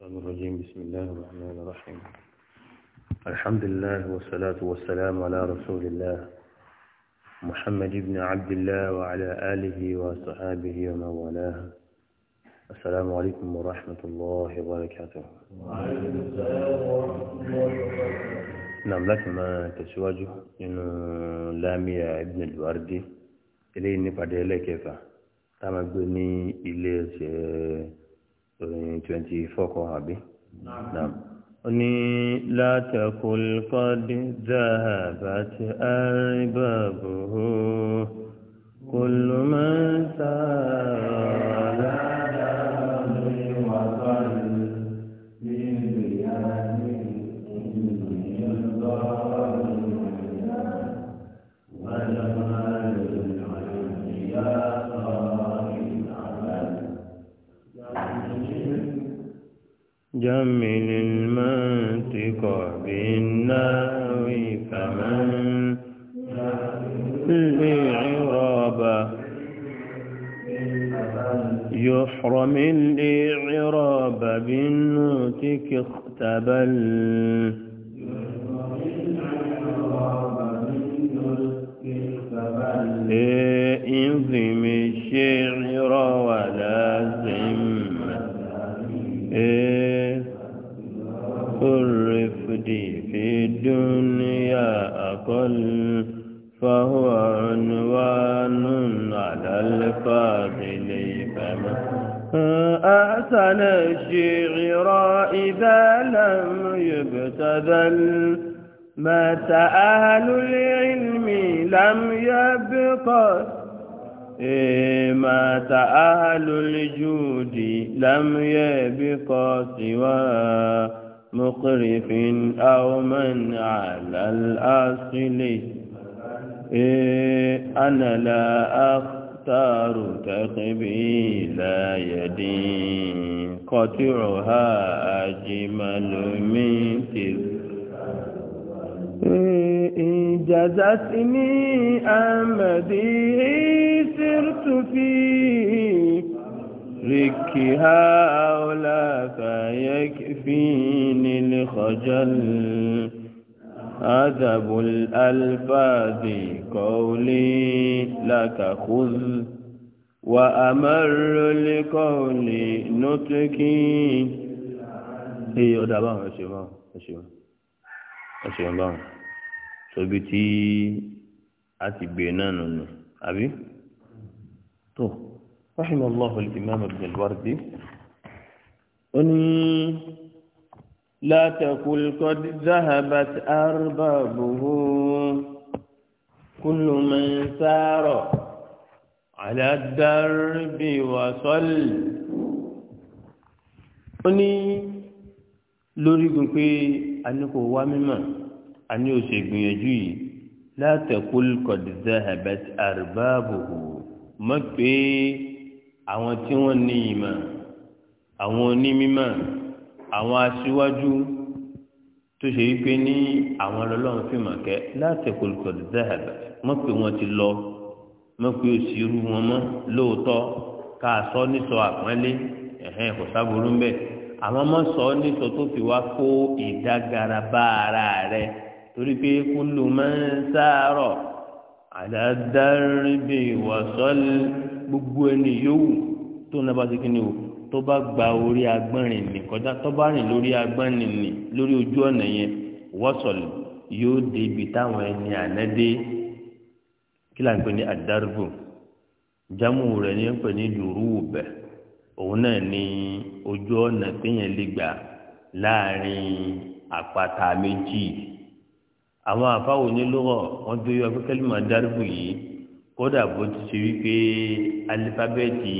الشيطان الرجيم بسم الله الرحمن الرحيم الحمد لله والصلاة والسلام على رسول الله محمد بن عبد الله وعلى آله وصحابه ومن والاه السلام عليكم ورحمة الله وبركاته وعليكم السلام ورحمة الله وبركاته نعم لكن ما تسواجه إنه لامي ابن الوردي إليه نفعد إليه تمام تعمل بني إليه ìròyìn twenty four kan àbí. ó ní látẹ̀kùn kọ́dí dáhàbàtì àríbàbò kò ló sáà rárá. جمل المنطق بالناوي فمن الإعراب يحرم الإعراب بالنوتك اختبل انظم الشيء أنا لا أختار تقبي لا يدي قطعها أجمل من تذكر إن جزتني أمدي سرت في ركها أولا فيكفيني الخجل أدب الألفاظ قولي لك خذ وأمر لقولي نطقي èyí ọ̀dà báwọn ẹ̀ṣẹ̀ báwọn ẹ̀ṣẹ̀ báwọn ẹ̀ṣẹ̀ báwọn tóbi tí a ti gbé e náà nù nù àbí tó wáhìmọ̀ lọ́hùn ìmáàmù ìgbẹ̀lúwárí ó ní. لا تقل قد ذهبت أربابه كل من سار على الدرب وصل ó ní lórígun pé a ní kò wá mímọ̀ a ní ó ṣe gbìyànjú yìí látẹ̀kùl kọ̀dìdá habet arbábòhò mọ́ pé àwọn tí wọ́n ní ìmọ̀ àwọn onímímọ̀ àwọn aṣíwájú tó ṣe wípé ní àwọn ọlọ́run fi mọ̀ kẹ́ láti kòlùkọ̀ zahab mọ̀ pé wọ́n ti lọ mọ̀ pé ó sì rú wọn mọ́ lóòótọ́ ká sọ nísọ àpọ́nlé ẹ̀hẹ́n kò sábúrú ń bẹ̀ àwọn ọmọ sọ nísọ tó fi wá kó ìdágara bá ara rẹ torí pé kúlù máa ń sáárọ̀ àdádárí bíi wàsọ́ọ̀lì gbogbo ẹni yòówù tó nàbàdìkì ni o tó bá gba orí agbọ́nrin nì kọjá tó bá rìn lórí agbọ́nrin nì lórí ojú ọ̀nà yẹn wọ́sọ̀lù yóò dé ibi táwọn ẹni ànádé kí là ń pè ní àdárúgbò jámù rẹ̀ ní ń pè ní lùrúwùbẹ̀ òun náà ní ojú ọ̀nà téèyàn lè gbà láàrin àpáta méjì àwọn àfáwò nílùú wọn gbé yọ akẹ́kẹ́ lè máa yìí kódà bó ti ṣe wípé alifábẹ́ẹ̀tì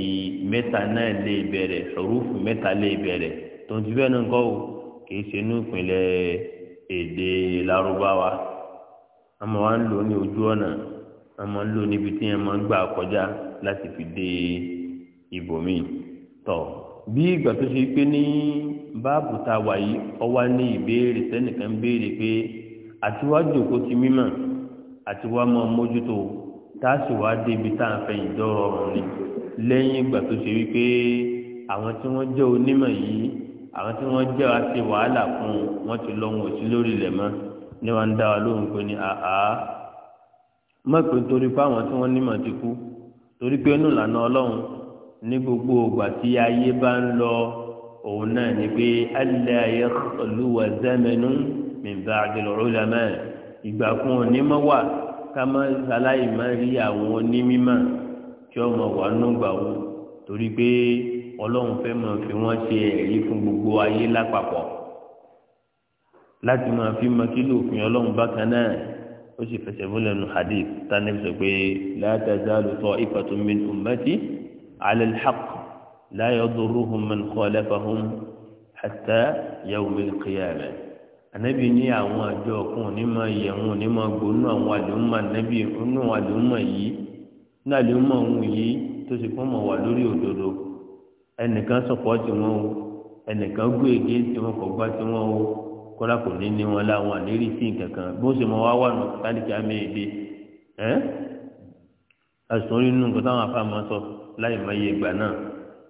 mẹ́ta náà lè bẹ̀rẹ̀ ṣòrúfù mẹ́ta lè bẹ̀rẹ̀ tó ń ti bẹ́ẹ̀ náà o kìí ṣe inú ìpínlẹ̀ èdè larubawa ọmọ wa ń lò ní ojú ọ̀nà ọmọ ń lò níbi tí wọn máa ń gbà kọjá láti fi dé ibòmí tọ bí ìgbà tó ṣe wípé ní báàbù tá a wà yìí ọwá ní ìbéèrè sẹ́nìkan ń béèrè pé àtiwájú òkú ti mímọ̀ àtiwá máa mójútó o táàsì wá débi tá à ń fẹ̀yìn dọ́ ọrùn ni lẹ́yìn ìgbà tó ṣe wípé àwọn tí wọ́n jẹ́ onímọ̀ yìí àwọn tí wọ́n jẹ́ àti wàhálà fún wọn ti lọ wọn sí lórí ilẹ̀ mọ́ ni wọ́n ń dá wa lóhùn pé ní àhá mọ̀pẹ́ torí pé àwọn tí wọ́n nímọ̀ ti kú torí pé inú ìlànà ọlọ́run ní gbogbo ògbà tí ayé bá ń lọ òun náà ni pé alẹ́ ayé olúwa zẹ́mẹ́nu mìíràn àdìlọ́rọ́ lẹ́mẹ́ ìgbà kan ò wà kama aláì má rí àwọn onímímà tí ọmọ wà nùgbà wo torí pé ọlọ́run fẹ́ máa fi wọ́n ṣe ẹ̀rí fún gbogbo ayé lápapọ̀ láti máa fi mọ kí lóòfin ọlọ́run bákan náà ó sì fẹsẹ̀ múlẹ̀ nù hadith tani sọ pé látàzá lùtọ́ ìfàtúmí ọmọdé alẹ́ láyọ̀ dúró hùmẹ́n lẹ́fà hùm hàtà yàwùmí kìyàmẹ́ anabi ni àwọn àjọ ọkùn onímọ̀ ìyẹ̀wò onímọ̀ gbónú àwọn àdéhùnmọ̀ anabi onú àwọn àdéhùnmọ̀ yìí ní àdéhùnmọ̀ òun yìí tó ti pọ́n mọ̀ wà lórí òdodo ẹnìkan sọ̀pọ̀ tí wọ́n o ẹnìkan gbé èdè tí wọ́n kọ̀ gbá tí wọ́n o kọ́lá kò ní ní wọn láwọn àlérí sí nǹkankan bó ṣe mọ wá wà nù tálíkì àmì èdè ẹ́ àsùn orí nínú nǹkan táwọn afáàmọ́ sọ láì mọ iye ìgbà náà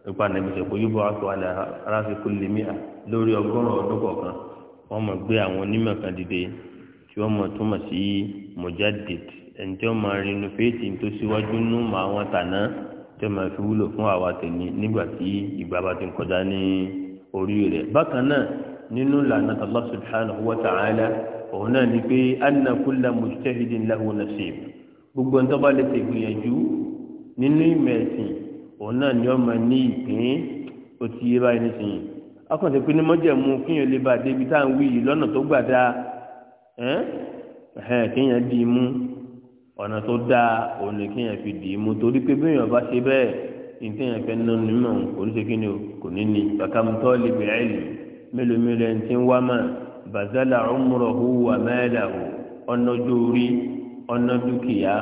nípa nàìjíríà pé yóò bọ́ aṣọ àlẹ́ aráàfin kò lè mí à lórí ọgọ́rùn ọdún kọ̀ọ̀kan wọ́n mọ̀ gbé àwọn onímọ̀ kan dìde tí wọ́n mọ̀ túmọ̀ sí mojadid ẹni tí wọ́n mọ̀ rinú fèétì tó síwájú nú mọ̀ àwọn tàná tí wọ́n mọ̀ fi wúlò fún àwa tèmi nígbà tí ìgbà bá ti ń kọjá ní orí rẹ̀. bákan náà nínú ìlànà allah subhanahu wa ta'ala òun náà ni pé anna kulla mujtahidin nasib gbogbo ń tọ́ba lè ṣègbìyànjú nínú ìmẹ̀sìn òun náà ni wọ́n mọ̀ ní ìpín ó yé báyìí nísìnyí ọkàn tó pé ní mọ́jẹ̀mú kíyàn lè bá débi tá à ń wí yìí lọ́nà tó gbà dáa ẹ̀hẹ́n kíyàn dì í mú ọ̀nà tó dáa òun ni kíyàn fi dì í mú torí pé bíyàn bá ṣe bẹ́ẹ̀ ìtẹ̀yàn fẹ́ nínú nímọ̀ kò ní ṣe kí ni o kò ní ni bàkàmùtọ́ lè bẹ̀rẹ̀ lè mélòó mélòó ẹni tí ń wá mà bàzálà ọmọrọ̀hù wà mẹ́ẹ̀dà o ọ̀nà ojú ọ̀nà dúkìá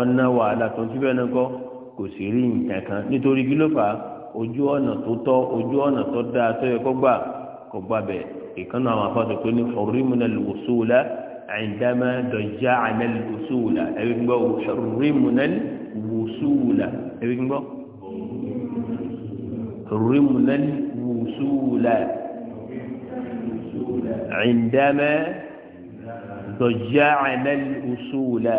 ọ̀nà wàhálà tó ń bẹ́ẹ̀ náà kò sí rí nǹkan kan nítorí kí ló fà á ojú ọ̀nà tó tọ́ ojú ọ̀nà tó dáa tó yẹ kó gbà kó gbà bẹ̀ ìkànnà àwọn afọ́sọ pé ní ọ̀rìmùnà lùsùlà àìdámà dọ̀já àná lùsùlà ẹ̀rí gbọ́ ọ̀rìmùnà lùsùlà ẹ̀rí gbọ́ ọ̀rìmùnà lùsùlà àìdámà dọ̀já àná lùsùlà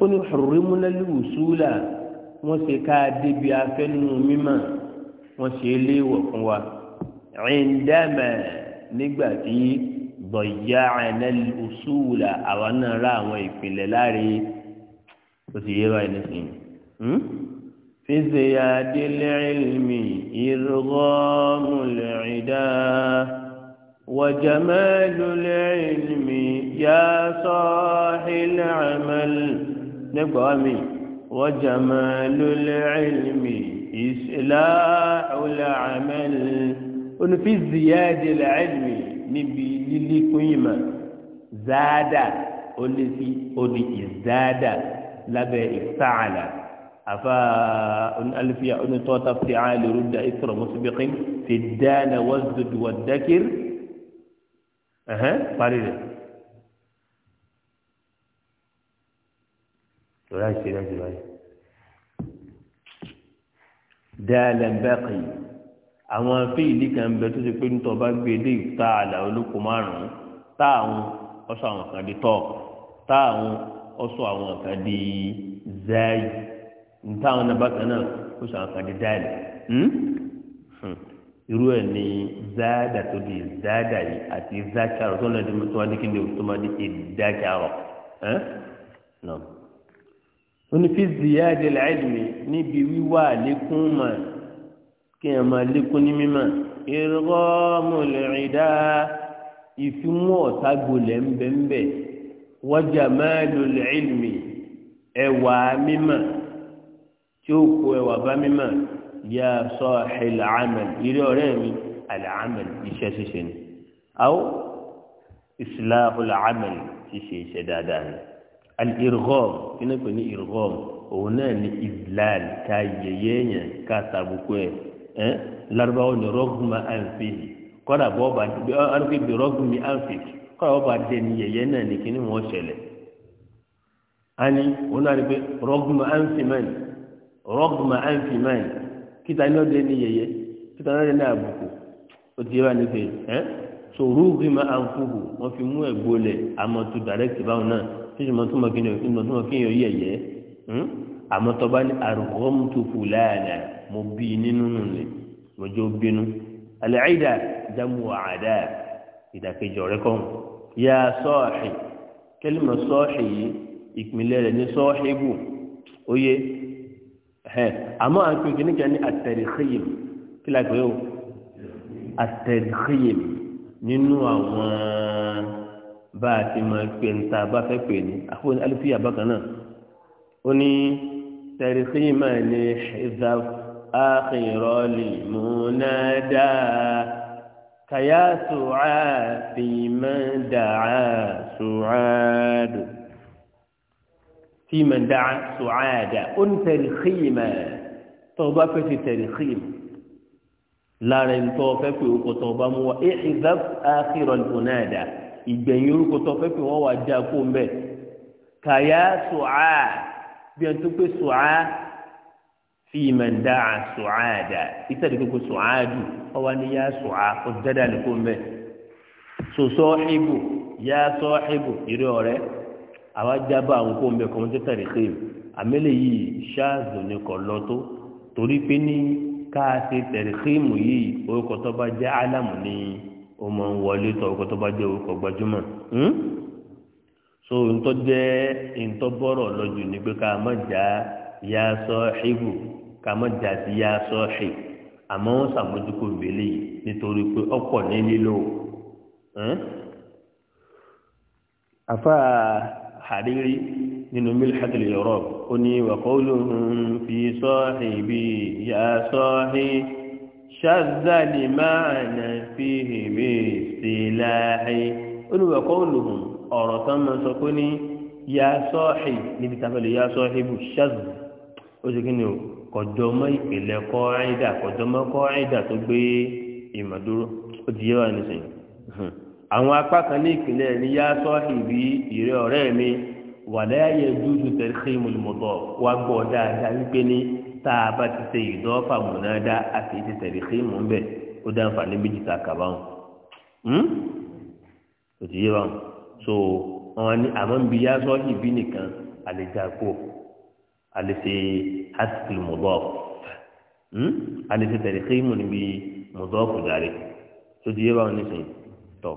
ó ní ọ̀rìmùnà lùsùlà. wọ́n ṣe ká débi afẹ́nu mímọ̀ wọ́n ṣe léèwọ̀ fún wa ẹ̀ńdàmẹ̀ nígbà tí gbọ̀yà ẹ̀nẹ́lì òṣùwùlà àwa náà rà àwọn ìpìlẹ̀ láre ó sì yé báyìí nísìnyí. فزياد العلم إرغام العدا وجمال العلم يا صاح العمل نبقى أمين وجمال العلم إصلاح العمل ونفي زياد العلم نبي للقيمة زاد ونفي ونفي زاد لبى افتعل أفاء أن توت افتعال رد إثر مسبق في الدان والزد والذكر أها قريبا ولا شيء لا dáàlẹ̀ bẹ́ẹ̀kì àwọn fíìlì kan ń bẹ tó ṣe pé nítorí ọba gbé ilé ìta àlà olóko márùn-ún táàwọn ọsọ àwọn kan di tọ́ táàwọn ọsọ àwọn kan di zẹ́ẹ̀ nítawọn náà bákan náà ó sọ àwọn kan di dáàlẹ̀ hmm? hmm. irú ẹ̀ ní záàdà tó di záàdà yìí àti záàkàrọ̀ tó náà tó máa di kí ni o tó máa di ìdákàrọ̀ ẹ́ náà onífi ziyáde làálùmí níbi wíwá àlékún mọ̀ kí ẹ̀ máa lékún ní mímọ̀ irọ́ mọ̀lẹ́rìndá ìfimú ọ̀tá gbolẹ̀ ńbẹ̀ńbẹ̀ wọ́jà máa lò làálùmí ẹ̀wà mímọ̀ tí ó kó ẹ̀wà bá mímọ̀ yà sọ ẹ̀là àmàl ìrẹ́ ọ̀rẹ́ mi àlà àmàl iṣẹ́ ṣíṣe ni àwọn ìsìlá ọ̀là àmàl ṣíṣe iṣẹ́ dáadáa ni al-irgham kíni pè ní irgham òun náà ní ìdílàl ká yẹyẹ yẹn ká tàbùkù ẹ ẹ larubawo ní rọgùnmá ànfẹ kọ́dà bọ́ bá arúgbó bí rọgùnmí ànfẹ kọ́dà bọ́ dé ní yẹyẹ náà ní kíni wọ́n ṣẹlẹ̀ ani òun náà ní pé rọgùnmá ànfẹ mẹ́rin rọgùnmá ànfẹ mẹ́rin kíta ní ọdẹ ní yẹyẹ kíta ní ọdẹ ní àbùkù ó ti yẹ bá nífẹ̀ẹ́ ẹ sòrúgbìmá ànfọ̀hù wọ́n fi mú ẹ̀gbọ́ lẹ̀ àmọ́tò dàrẹ́kì báwọn nínú mọ̀túnmọ̀ kí ni nínú mọ̀túnmọ̀ kí yẹn yẹ̀yẹ́ hmm? àmọ́ tọ́ba ní àrùkọ́mùtò fúláàdà mo bí nínú nìyẹn mo jẹ́ obìnú alẹ́ àìdá dámú àdá ìdàkejì ọ̀rẹ́ kan yá sọ́ọ̀ṣì kẹ́lìmọ̀ sọ́ọ̀ṣì yìí ìpínlẹ̀ rẹ̀ ní sọ́ọ̀ṣì bù ó yẹ àmọ́ àpín kìíníkà ní àtẹ̀rẹ̀kìyìm kí lágbé àtẹ̀rẹ̀kìyìm nínú àwọn bá a ti máa pè ní tá bá fẹ́ pè ní àfọwọ́n ní alifiya bákan náà ó ní tẹ̀ríkì máa ní ṣẹ́zá ákìrọ́lì múnádá kàyà sùúrà fi máa dàá sùúrà dò fi máa dàá sùúrà dà ó ní tẹ̀ríkì máa tó o bá fẹ́ ti tẹ̀ríkì máa lára ẹni tó o fẹ́ pè ó kó tó bá mú wa ìṣẹ́zá ákìrọ́lì múnádá. ìgbẹ̀yìn orúkọ tó fẹ́ pé wọ́n wà já kó ń bẹ̀ kàyà sùá bí ẹni tó pé sùá fi ìmọ̀ ń dá a sùá dà ìtàdé kókó sùá dù wọ́n wá ní yá sùá kó dáadáa lè kó ń bẹ̀ sòsọ́ ìbò yá sọ́ ìbò ìrẹ́ ọ̀rẹ́ àwa jábọ̀ àwọn kó ń bẹ̀ kọ́mọ́tẹ́tà rẹ̀ kéwì àmẹ́lẹ̀ yìí ṣáàzù ni kò lọ tó torí pé ní káà ṣe yìí orúkọ tó bá jẹ́ álámù ni o máa ń wọlé tọ ọkọ tó bá jẹ orúkọ gbajúmọ hmm? so ntọ́ jẹ́ ntọ́ bọ́rọ̀ lọ́jù ni pé ká má já ya sọ ṣíbù ká má já sí ya sọ ṣì àmọ́ wọ́n sàmójúkò ìbílẹ̀ yìí nítorí pé ọkọ̀ ní lílo afa hariri nínú milhatil yorùbá ó ní wàkọ́ olóhùn fi sọ́ọ̀hìn bíi ya sọ́ọ̀hìn ṣáàzá lè máa nà fi hèmé sí láàáyé olùwẹ̀kọ́ olùhùn ọ̀rọ̀ tán máa sọ pé ní ya sọ́ọ̀hì níbi tàbílẹ̀ ya sọ́ọ̀hì bù ṣáàzù ó sì kí ni o kọjọmọ́ ìpìlẹ̀ kọ́ àìdà kọjọmọ́ kọ́ àìdà tó gbé ìmọ̀dúró ó ti yé wa nísìnyí hmm. àwọn apá kan ní ìpìlẹ̀ ní ya sọ́ọ̀hì bí ìrẹ́ ọ̀rẹ́ mi wàlẹ́ ayé dúdú tẹ̀síìmù lùmọ̀tọ̀ wá gbọ́ dáadáa wípé ní tá a bá ti ṣe ìdọ́fà mọ̀nádá àti ètò tẹ̀lé kí mò ń bẹ̀ ó dá nǹfààní méjì tá a kà báwọn. Hmm? kò tí yé báwọn so wọn ni àmọ́ ń bi yá sọ́ọ́lì ìbí nìkan àlejàpọ̀ àlejò haskell mudok àlejò hmm? tẹ̀lé kí mò ń bi mudok dàrí tó ti yé báwọn nísìnyí tọ̀.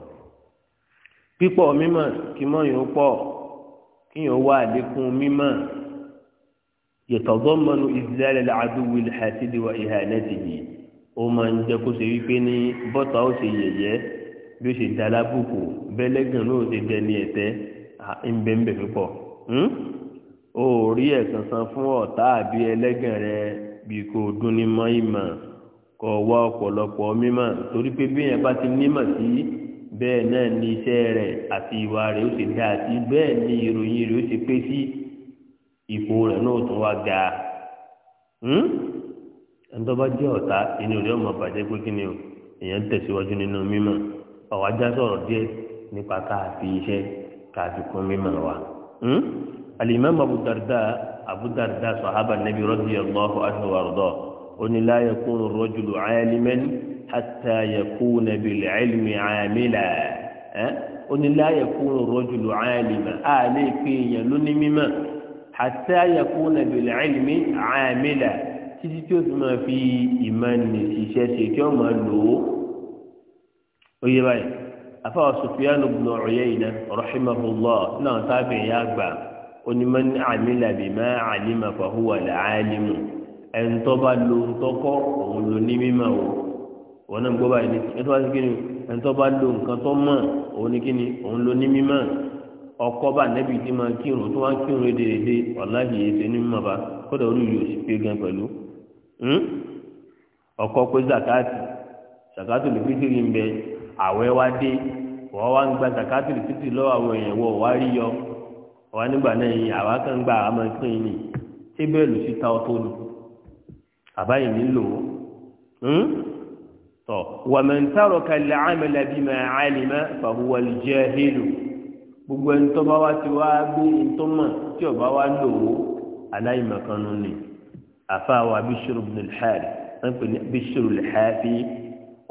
pípọ̀ mímọ̀ kí mọ̀ yóò pọ̀ kí yóò wá àlékún mímọ̀ yẹtọgọmọnu ìdílé làádúwì hàtìdì wà ìhà nẹtìhì ó máa ń jẹ kó ṣe wípé ní bọ́tà ó ṣe yẹ̀yẹ́ bí ó ṣe da lábùkù bẹ́lẹ́gàn náà ó ṣe dẹni ẹ̀tẹ́ ńbẹ́ńbẹ́ púpọ̀ hmm? ó rí ẹ̀sán san fún ọ̀tá àbí ẹlẹ́gàn rẹ bí kò dún ní mọ́ ìmọ̀ kọ wá ọ̀pọ̀lọpọ̀ mímọ̀ torí pé bí yẹn bá ti nímọ̀ sí bẹ́ẹ̀ náà ní iṣẹ́ rẹ̀ àti ìwà rẹ̀ ó ṣe dáa sí bẹ́ẹ̀ ni ìròyìn rẹ̀ ó ṣe pé sí. Si ipò rẹ̀ náà tún wá ga hmm? ẹnitọ́ba jẹ́ ọ̀tá inú rẹ̀ ọmọ bàjẹ́ pé kí ni o èèyàn tẹ̀síwájú nínú mímọ̀ ọ̀wá já sọ̀rọ̀ díẹ̀ nípa káàfi iṣẹ́ káàfi kún mímọ̀ wa. Hmm? alimami abudarda abudarda sahaba nabi rọ́bì allahu anhu wàrúdọ̀ oníláyà kúrò rọ́jùlù ayélujára hàtà yẹ kúrò nàbí lẹ́ẹ̀lmi àmìlà oníláyà kúrò rọ́jùlù ayélujára àlẹ́ pé èèyàn lóní hatta yakuna bil ilmi amila títí tí ó fi máa fi ìmọ̀ ní ìṣiṣẹ́ ṣe tí ó máa lò ó ó yẹ báyìí afáwọ sufyan ibn uyayna rahimahullah náà sábẹ ya gbà onímọ̀ ní amila bima alima fahuwa làálímù ẹ̀ńtọ́ bá lo ńtọ́kọ́ òun ló o wọn gbọ́ báyìí ni ẹ̀ńtọ́ bá lo nǹkan tó mọ̀ òun ní kí ni òun ló ní mímọ̀ ọkọ bá nẹ́bí tí máa kírun tó wá ń kírun déédéé ọ̀láyé ẹsẹ̀ ní mọ̀ bá kódà orí yóò sì pé gan pẹ̀lú hmm? ọkọ pé zakati zakati lè fi tìrì ń bẹ àwẹ̀ wá dé wọ́n wá ń gba zakati lè fi tìrì lọ́wọ́ àwọn èèyàn wọ́n wá rí yọ wọ́n nígbà náà yìí àwa kan gba àwọn ọmọ ìpín ní ṣé bẹ́ẹ̀ lù sí ta ọtọ́ ni àbáyé nílò tọ wàmẹ̀ntàrọ̀ kalẹ̀ àmì làbí màá àlìmá fàhùwàlì jẹ́ hélò. gbogbo ẹni tó bá wá ti wá gbé tí ọba wá lò ó ni àfáàwọ̀ abishiru bilhari wọ́n pè ní abishiru bilhari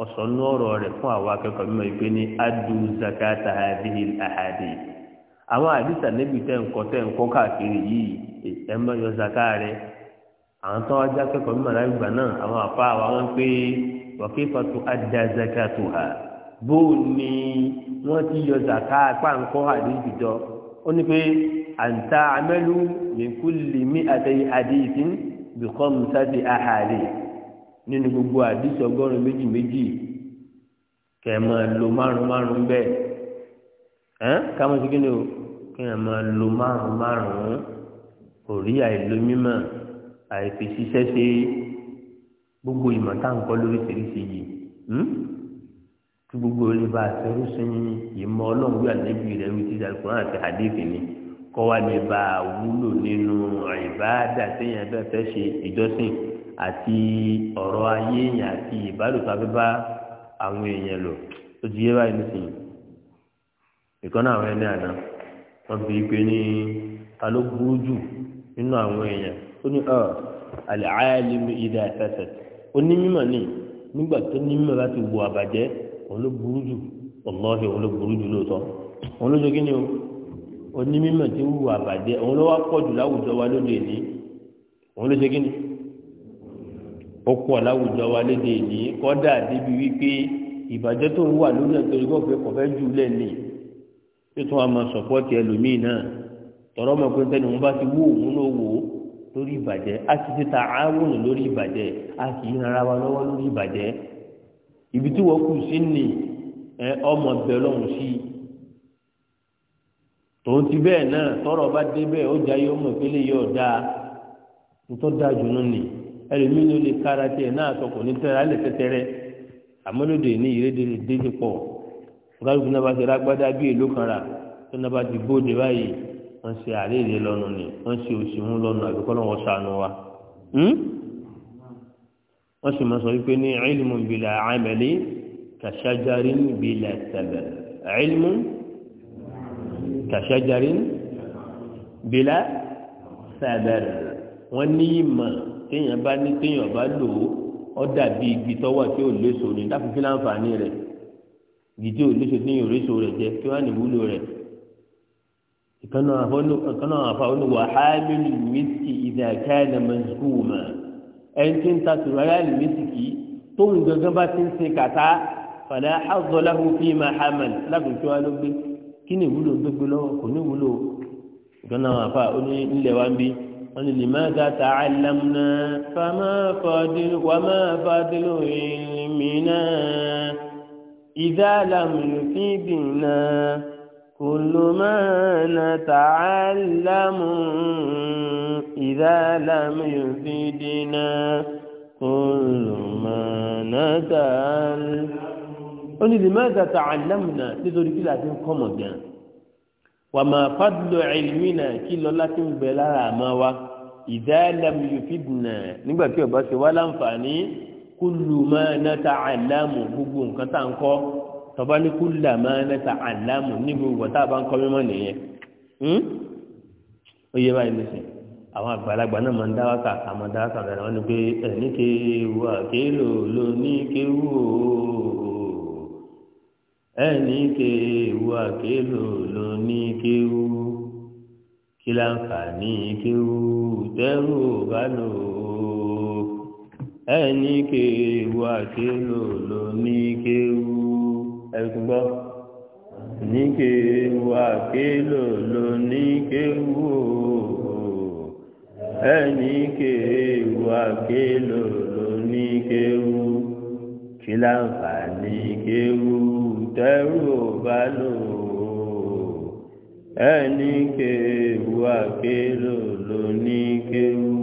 ọ̀sán ní ọ̀rọ̀ rẹ̀ fún àwọn akẹ́kọ̀ọ́ mímọ́ ìpè ní adu zakata hadihi ahadi àwọn àdìsá níbi káàkiri yìí yọ zaka rẹ àwọn tó láì ha. bó ni wọ́n ti yọ zaka pàǹkọ́ àdéhùn jọ ó ní pé àǹtà amẹ́lú nìkú lèmi àtẹ̀yẹ àdéhùn bìkọ́ mùsàdé àhàlè nínú gbogbo àdéhùn ọgọ́rùn méjì méjì kẹ̀ máa lo márùn márùn bẹ́ẹ̀ ẹ́n káwọn ti kíni o kí ẹ̀ máa lo márùn márùn òrí àìlómímọ̀ àìfèsíṣẹ́ ṣe gbogbo ìmọ̀ táǹkọ́ lóríṣiríṣi yìí. Hmm? kí gbogbo olè bá aṣọ́rú sin ìmọ̀ ọlọ́run bí ànábì rẹ̀ wí ti àlùkòrán àti àdéhùn ni kọ́ wá lè bá a wúlò nínú ìbáàdà téèyàn bẹ́ẹ̀ fẹ́ ṣe ìjọsìn àti ọ̀rọ̀ ayé èèyàn àti ìbálòpọ̀ abẹ́bá àwọn èèyàn lò ó ti yé báyìí nísìnyí ìkànnì àwọn ẹni àná wọn fi pé ní ta ló burú jù nínú àwọn èèyàn ó ní ọ àlẹ́ àyàlẹ́ mi ìdá ẹ̀fẹ́sẹ̀ ó ní mímọ̀ ní nígbà tó ní mímọ̀ láti wo àbàjẹ́ olóburú jù ọlọ́ọ̀hìn olóburú jù lóòótọ́ òun ló ṣe kí ni o onímọ̀ tí wù àbàjẹ́ òun ló wá pọ̀ jù láwùjọ wa lóde ìní òun ló ṣe kí ni ó pọ̀ láwùjọ wa lóde ìní kọ́dà débi wípé ìbàjẹ́ tó ń wà lórí ẹ̀tọ́ ìgbọ́ pé kò fẹ́ jù lẹ̀ ní tó tún wà máa sọ̀pọ́tì ẹlòmíì náà tọ̀rọ̀ mọ̀ pé tẹ́ni wọn bá ti wú òun ló wò lórí ìbàjẹ́ a ti ti ta àáwòrán lórí ìbàjẹ́ a kì í rárá wa lọ́wọ́ lórí ìbàjẹ́ ibi tí wọ́n kù sí ni ẹ ọmọ bẹ lọ́hùn sí i tòun ti bẹ́ẹ̀ náà tọrọ bá dé bẹ́ẹ̀ ó jayé ọmọ ìpele yóò dáa nítorí ó dáa jù nù ni ẹlòmíín ló lè kára tiẹ̀ náà sọ ní tẹ́ra lè tẹ́tẹ́rẹ́ àmọ́lódé ní ìrédè lè dé pọ̀ ọ̀gágun náà bá ti rágbádá bí èlò kan rà tó náà bá ti bóde báyìí wọ́n ṣe àléèrè lọ́nu ni wọ́n ṣe òṣìwọ́n lọ́nu àbíkọ́ lọ́wọ́ wọ́n sì máa sọ wípé ní ilmu bila amali kàṣájárin bila tẹ̀lẹ̀ ilmu kàṣájárin bila tẹ̀lẹ̀ wọ́n ní ìmọ̀ téèyàn bá ní téèyàn bá lò ó ọ dàbí igi tọ́wọ́ tí ò léso ní dákúkí láǹfààní rẹ̀ igi tí ò léso ní ìrèso rẹ̀ jẹ́ kí wọ́n á níwúlò rẹ̀ ìkànnà àfa oníwà hamilu miski ìdàkẹ́ ẹ̀nà mẹ́sùkúùmá ẹni tí ń ta tùrọ̀yà lùmísìkì tóun gangan bá ti ń ṣe kàtá fàlà àzọláhùn fi máa hàmàn lágùnkí wa ló gbé kí ni ìwúlò tó gbé lọ́wọ́ kò ní ìwúlò ìgbọ́nà àwọn àfa oní ilẹ̀ wa ń bí wọ́n ní lèmọ́ gàtà àlámùnà fàmà fàdílù wàmà fàdílù ìlmìnà ìdá àlámùnà fídìnnà. كل ما نتعلم إذا لم يفيدنا كل ما نتعلم قل لماذا تعلمنا لذلك كلا تنقم جان وما فضل علمنا كلا لا تنبلا ما إذا لم يفيدنا نبقى كيف بس ولا أنفعني كل ما نتعلم بقوم كتنقم tọba ní kú làmánẹ́ta àlámù níbi ìwọ̀ tá a bá ń kọ́ mímọ́ nìyẹn hmm? ó yẹ báyìí lọ́sẹ̀ àwọn àgbàlagbà náà máa ń dá wákà àmọ́ dá wákà rẹ̀ wọ́n ni pé ẹ̀ní kéwu àkéèlò ló ní kéwu ẹ̀ní kéwu àkéèlò ló ní kéwu kí láǹfààní kéwu tẹ́rù bá lò ó ẹ̀ní kéwu àkéèlò ló ní kéwu ẹ̀sùn gbọ́ níkèéwù àkélò ló níkèéwù ẹni kéèwù àkélò ló níkèéwù kí láǹfààní kéèwù tẹ́rù ò bá lò ẹni kéèwù àkélò ló níkèéwù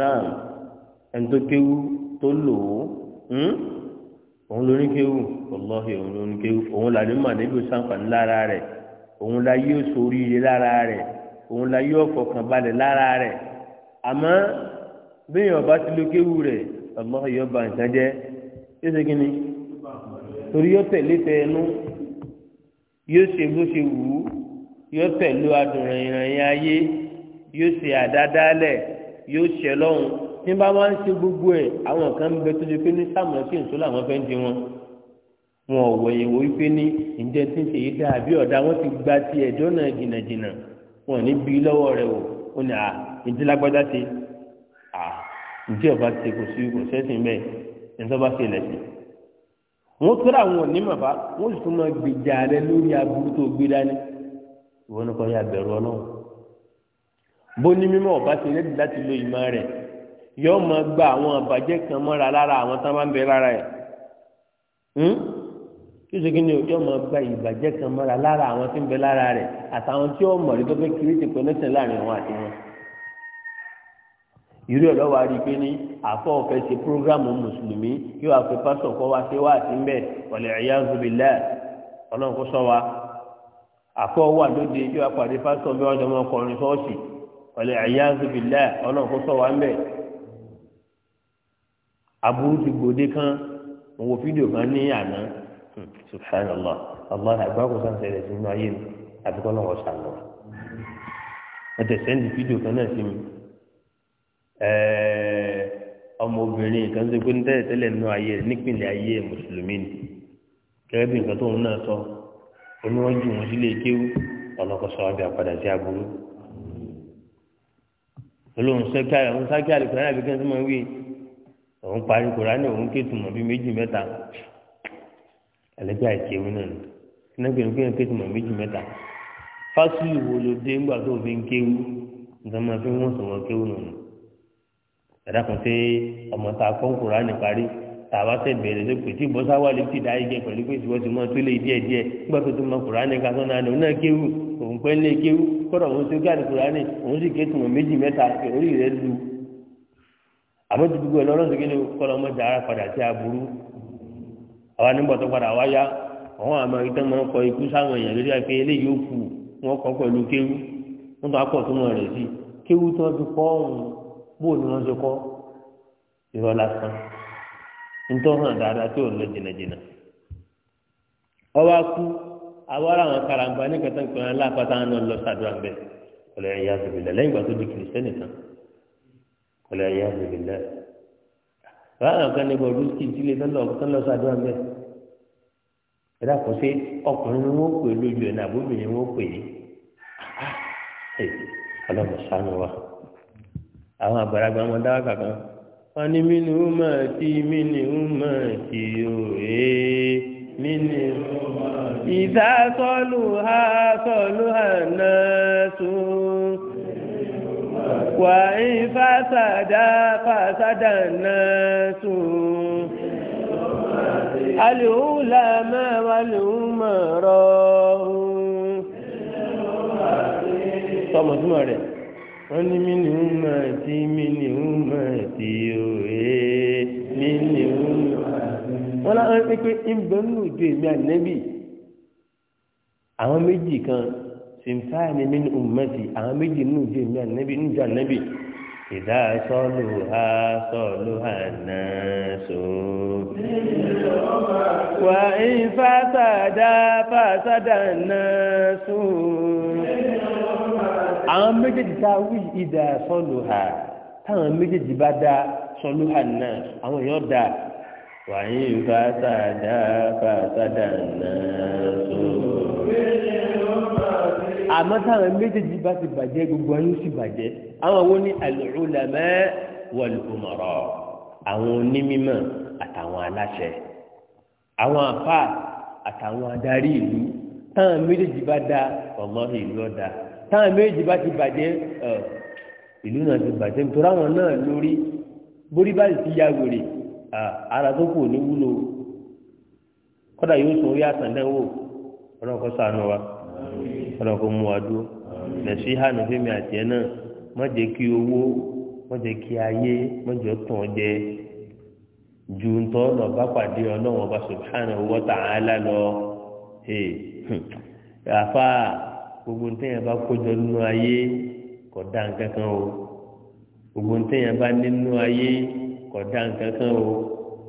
náà ẹni tó kéwù tó lò ó. Hmm? òun ló ní kéwù ọlọ́hìn òun ló ní kéwù òun làdé mà níbi òsànfàní lára rẹ̀ òun la yí òṣòríire lára rẹ̀ òun la yí ọ̀fọ̀kànbalẹ̀ lára rẹ̀ àmọ́ béèyàn ọba ti lo kéwù rẹ̀ ọlọ́hìn yóò nǹkan jẹ́ yóò ṣe kíni torí yóò tẹ̀lé tẹ ẹnu yóò ṣe bó ṣe wù ú yóò tẹ̀lé adùnrìnrìn ayé yóò ṣe àdádálẹ̀ yóò ṣẹlọ́hùn tí bá wá ń ṣe gbogbo ẹ̀ àwọn kan bẹ tó ṣe pé ní sáàmù sí ìṣó làwọn fẹ́ ń di wọn wọn ò wọ̀nyí wo wípé ní ǹjẹ́ tí ń ṣe yí dáa bí ọ̀dà wọn ti gba ti ẹ̀dọ́ náà jìnnàjìnnà wọn ní bí lọ́wọ́ rẹ̀ wò ó ní à ìdílágbádá ti à ǹjẹ́ ọba ti kò sí kò sẹ́sìn bẹ́ẹ̀ ẹ̀ńtọ́ bá ṣe lẹ̀sìn wọn tó ra àwọn onímọ̀ wọn sì tún máa gbèjà rẹ lórí aburú tó gbé dání ìwọ ní kọ́ ya bẹ̀rù ọlọ́run bó ní mímọ́ ọba ti rẹ́dì yóò máa gba àwọn àbàjẹ́ kan mọ́ra lára àwọn tá a bá ń bẹ lára ẹ̀ yóò hmm? kí ni o yóò máa gba ìbàjẹ́ kan mọ́ra lára àwọn tí ń bẹ lára rẹ̀ àtàwọn tí yóò mọ̀ rí tó fẹ́ kiri ti connection láàrin wọn àti wọn. ìrírí ọ̀dọ́ wa rí i pé ní àfọ ọ̀fẹ́ ṣe prógrámù mùsùlùmí yóò wá pé pásítọ̀ kọ́ wá sí wá àti ń bẹ̀ ọ̀lẹ̀ ẹ̀yà ń zubi lẹ́ẹ̀ ọlọ́run kó sọ wa àfọ wà lóde yóò wá pàdé pásítọ̀ bí wọ́n jọ mọ́ ọkọ̀ ọ̀rìn sọ́ọ̀sì ọ̀lẹ̀ ẹ̀yà zubi lẹ́ẹ̀ ọlọ́run kó sọ wa ń bẹ̀ aburú ti gbòde kan òwò fídíò kan ní àná hmm, subhanallah allah àgbákò sáńsẹ̀ rẹ̀ sínú ayé mi àbíkọ́ náà wọ́n ṣàlọ́ ẹ̀tẹ̀ sẹ́ndì fídíò kan náà sí mi ọmọbìnrin kan tó gbé ní tẹ́lẹ̀ tẹ́lẹ̀ nínú ayé rẹ̀ nípìnlẹ̀ ayé mùsùlùmí ni gẹ́gẹ́ bí nǹkan tóun náà sọ oníwọ́n jù sílé kéwú ọlọ́kọ̀sọ ọbẹ̀ àpàdà sí aburú olóhùn sẹ́kí àlùkò náà àbíkẹ́ tó máa ń wí òun parí kùránì òun kéétùmọ̀ bíi méjì mẹ́ta ẹlẹ́gbẹ́ àìsí ewu náà ni nígbà tó kéèyàn kéétùmọ̀ méjì mẹ́ta fásitì wo ló dé ńgbà tó fi ń kéwu nǹkan máa fi wọ́n sọ̀rọ̀ kéwu náà nù ẹ̀dá kan pé ọmọ tá a kọ́ kùránì parí tàbá tẹ̀ bẹ̀rẹ̀ ló pè tí bọ́sá wà lè ti dáyé jẹ pẹ̀lú pé ìṣúwọ́ ti mọ́ tó lé díẹ̀ díẹ̀ nígbà tó tó mọ kùránì kásán náà ni òun náà kéwu òun pẹ́ lé kéwu kọ́dọ̀ òun tó gáàdì kùránì àmọ́ ti gbogbo ẹ̀ lọ́rọ́ ṣèkéde kọ́lọ́ mọ́jà ara padà sí aburú àwa nígbà tó padà wáyá àwọn àmọ́ ìtàn máa ń kọ ikú sáwọn èèyàn lórí àpé eléyìí ó kù wọn kọ pẹ̀lú kéwú wọn tó akọ̀ tó mọ̀ rẹ̀ sí kéwú tí wọ́n ti kọ́ ọ̀hún bó ni wọ́n ti kọ́ irọ́ lásán nítorí hàn dáadáa tí ò lọ jìnnàjìnnà ọba kú àwọn ará àwọn karambá ní kẹtàn pé wọn lápá táwọn ọ̀lẹ́ ayé àbẹ̀lẹ̀ lẹ́ báyọ̀ kan ní bọ̀ rúkì ìdílé tọ́lọ̀ tọ́lọ̀ sàdúrà ń bẹ̀ ẹ dàpọ̀ sí ọkùnrin ni wọ́n pè lójú ẹ̀ náà bóbi ni wọ́n pè é ọlọ́mọ sánú wa àwọn àgbàlagbà wọn wọn ní mímú mà tí mímú mà tí mímú ìdásọ́lù ha sọ́lù náà sùn. وإن فسد فسد الناس العلماء والأمراء tọmọ túmọ̀ rẹ̀ wọ́n ní mí ni wọ́n máa ti mí ni wọ́n máa ti òye mí ni wọ́n wọ́n láwọn pé pé ń bẹ́ẹ̀ nù ju èmi ànẹ́bì àwọn méjì kan sinfani min ummati àwọn méjì nínú ìjọ ìmí ànábì nínú ìjọ ànábì ìdá sọlù ha sọlù ha náà so. wà ìfà sàdá fàsádà náà so. àwọn méjèèjì tá a wí ìdá sọlù ha táwọn méjèèjì bá dá sọlù ha náà àwọn èèyàn dá wà ìfà sàdá fàsádà náà so àmọ́ táwọn méjèèjì bá ti bàjẹ́ gbogbo ayé sì bàjẹ́ àwọn wo ni alùlámẹ́ wọlùmọ̀rọ̀ àwọn onímọ̀ àtàwọn aláṣẹ àwọn àfà àtàwọn adarí ìlú táwọn méjèèjì bá da ọmọ ìlú ọ̀dà táwọn méjèèjì bá ti bàjẹ́ ìlú náà ti bàjẹ́ nítorí àwọn náà lórí borí bá ti ya wèrè ara tó kù ní wúlò kọ́dà yóò sọ orí àtàndánwò ọlọ́kọ́ sànù wa ọ̀rọ̀ kò mú wa dúró lẹ̀sí hànú fẹ́mi àti ẹ̀ náà má jẹ́ kí owó má jẹ́ kí ayé má jẹ́ tàn jẹ ju ntọ́ lọ bá pàdé ọlọ́wọ́n ọba subhana owó tààlà lọ hmm. àfa gbogbo ntẹ́yìn bá kójọ nínú ayé kò dá nǹkan kan o gbogbo ntẹ́yìn bá nínú ayé kò dá nǹkan kan o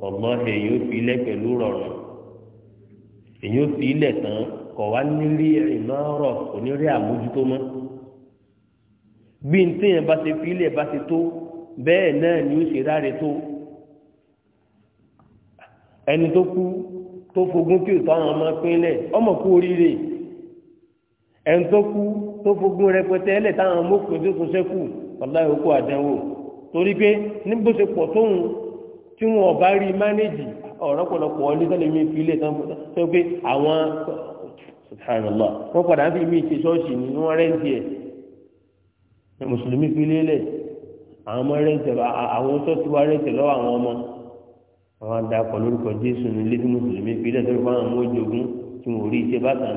ọ̀gbọ́n èyí ó fi ilẹ̀ pẹ̀lú rọrùn èyí ó fi ilẹ̀ tán kọ̀ wá nírí ìmọ̀ọ́rọ̀ kò ní rí àmójútó mọ́ bí n téèyàn bá ṣe fílẹ̀ bá ṣe tó bẹ́ẹ̀ náà ni ó ṣe ráre tó ẹni tó kú tó fogún tí ò táwọn ọmọ pínlẹ̀ ọmọ kú oríire ẹni tó kú tó fogún rẹpẹtẹ ẹlẹ̀ táwọn ọmọ òkú tó tún ṣẹ́kù ọ̀la ìhókù àdánwò torí pé níbo ṣe pọ̀ tóun tí wọn ọba rí mánéjì ọ̀rọ̀ pọ̀lọpọ̀ ọdún subhanallah wọ́n padà fi mí ṣe ṣọ́ọ̀ṣì ni wọ́n rẹ́ǹtì ẹ̀ ní mùsùlùmí pílé lẹ̀ àwọn ọmọ rẹ́ǹtì àwọn ṣọ́ọ̀ṣì wa rẹ́ǹtì lọ́wọ́ àwọn ọmọ àwọn adakọ̀ lórúkọ jésù ní ilé tí mùsùlùmí fáwọn ọmọ tí rí iṣẹ́ bákan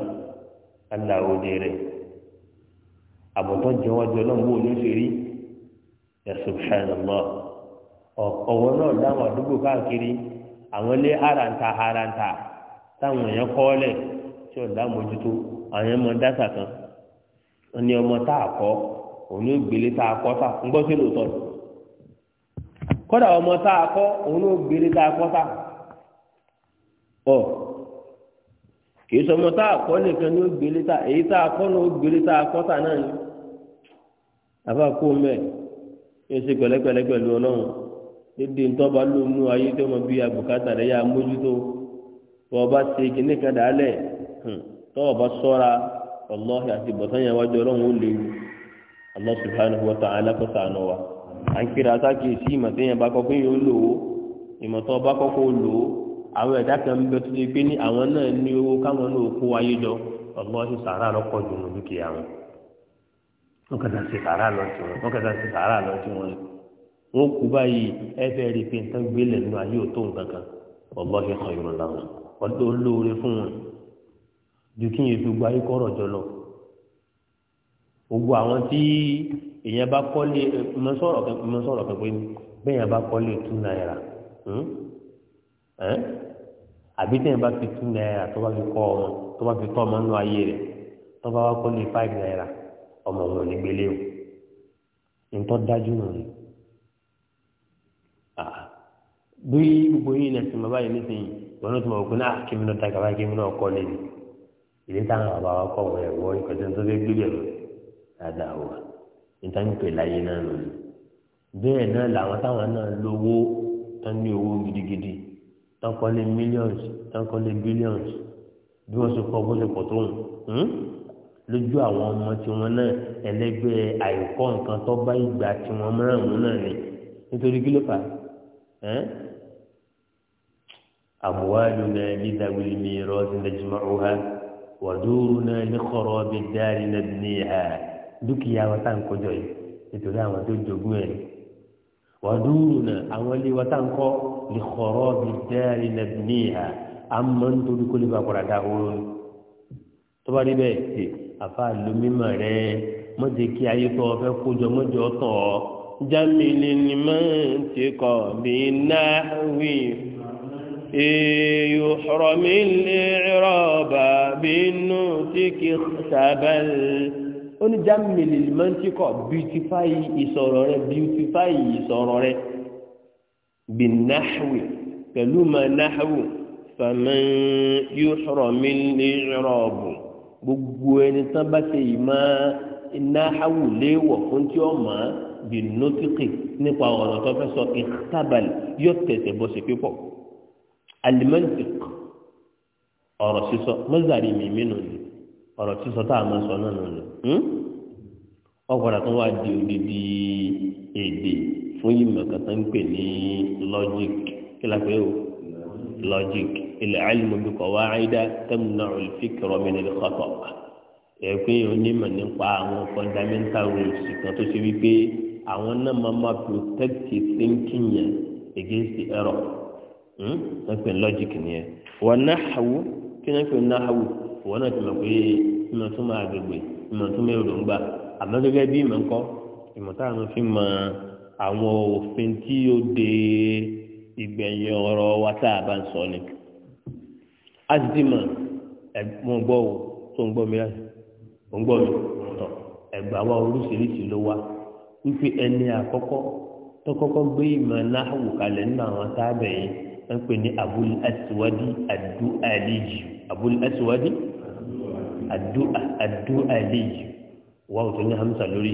rẹ̀ àbọ̀tọ́ jẹ́wọ́jọ́ rí ya subhanallah tí ò lámójútó àwọn ọmọ dáta kan ọmọ tá a kọ òun ó gbélé tá a kọ tá ń gbọ́ sí lóòótọ́ ni ọmọ tá a òun ọ kì í sọmọ tá a kọ nìkan ní ó gbélé tá èyí tá a kọ gbélé tá a náà ni àbá kó ṣe pẹ̀lẹ́pẹ̀lẹ́ pẹ̀lú Ọlọ́run ọba ṣe tọ́wọ́ bá sọ́ra ọlọ́ọ̀hì àti bọ̀tán yẹn wájú ọlọ́run ó léwu allah subhanahu wa ta'ala kó sànù wa à ń kíra sákìsí ìmọ̀ téèyàn bá kọ́kọ́ yóò lò ó ìmọ̀ bá kọ́kọ́ lò ó àwọn ẹ̀dá kan bẹ tó ti ní àwọn náà ní owó káwọn náà kó wáyé jọ jù wọn kẹta sí lọ sí wọn ju kí yẹn fi gba ayé kọ́rọ̀ jọ lọ gbogbo àwọn tí èèyàn bá kọ́lé mọ́sọ̀rọ̀ kan pé bẹ́ẹ̀yàn bá kọ́lé tú náírà hmm? àbí tẹ́yìn bá fi tú náírà tó bá fi kọ́ ọmọ tó bá fi tọ́ ọmọ nínú ayé rẹ̀ tó bá wá kọ́lé five náírà ọmọ wọn ò o nǹkan dájú nù ni bí gbogbo yìí náà ti mọ báyìí nísìnyí wọn ló ti mọ òkú náà kí mi náà dàgbà báyìí kí mi náà kọ́lé ni ìdí táwọn bàbá wa kọ̀ wọ́n ẹ̀wọ́ ìkọ̀tẹ́ tó fẹ́ gbé bẹ̀rù dáadáa wà níta ń pè láyé náà lónìí bẹ́ẹ̀ náà làwọn táwọn náà lówó tán ní owó gidigidi tán kọ́lé millions tán kọ́lé billions bí wọ́n ṣe kọ́ bó ṣe pọ̀ tó ń hmm? lójú àwọn ọmọ tiwọn náà ẹlẹ́gbẹ́ àìkọ́ nǹkan tó bá ìgbà tiwọn márùn-ún náà ni nítorí kí ló fà á àmúwájú náà ní dàgbélé mi rọ́ọ̀sì lẹ́jìmọ́ ọ̀hán wàdúrúnà ní kọ̀rọ̀ bí dárí náà ní ìhà dúkìá wa tá à ń kọjọ yìí nítorí àwọn tó jogún ẹ̀ wàdúrúnà àwọn ilé wa tá à ń ní kọ̀rọ̀ bí dárí ní ìhà à ń nítorí kó lè bá kọ́ra dá owó ni rí bẹ́ẹ̀ ṣe àfa lómímọ̀ rẹ mọ̀jẹ̀ kí ayé tó ọ fẹ́ kójọ mọ̀jẹ̀ ọ̀tọ̀ jámìlì ni mọ̀ ń ti kọ̀ bí náà wí يحرم الإعراب بالنوتك اختبل ó ní jámìlì mọ́ntíkọ̀ beautify ìsọ̀rọ̀ rẹ̀ beautify ìsọ̀rọ̀ rẹ̀ bí náhùwì pẹ̀lú ma náhùwù fàmí yóò mi ní ìrọ̀bù gbogbo ẹni tán bá ṣe ìmọ̀ náhùwù léèwọ̀ fún tí ó mọ̀ bí nótíkì nípa ọ̀rọ̀ tó fẹ́ sọ ìtábàlì yóò tẹ̀sẹ̀ bọ́ sí alimantik ọ̀rọ̀ sísọ mọ́sàrí mímí nù ni ọ̀rọ̀ sísọ tá a máa sọ náà nù ni hmm? ọ̀pọ̀lọpọ̀ tó wá di odidi èdè fún ìmọ̀ ń pè ní logic kí la o logic ilẹ̀ alimobi kọ̀ wá àìdá tẹ́mùnà olùfikọ̀rọ̀ mi nílẹ̀ kọ́tọ̀ ẹ̀pẹ́ onímọ̀ nípa àwọn fundamental rules kan tó ṣe wípé àwọn náà máa máa protect thinking against the error. Hmm? wọ́n pè ní lọ́jìkì wọ́n náhàwù kí wọ́n pè ní wọ́n náà ti mọ̀ pé ìmọ̀ tó máa èròǹgbà àmọ́ gẹ́gẹ́ bí ìmọ̀ ńkọ́ fi mọ àwọn òfin tí ó de ìgbẹ̀yìn ọ̀rọ̀ wa tá a bá ń sọ ni. a ti ti mọ̀ ẹ̀gbọ́n gbọ́ o tó ń mi láti ò ń mi wa ń pè ní abul aswadi adu'aliju abul aswadi adu'aliju wàá òtún ní hamsa lórí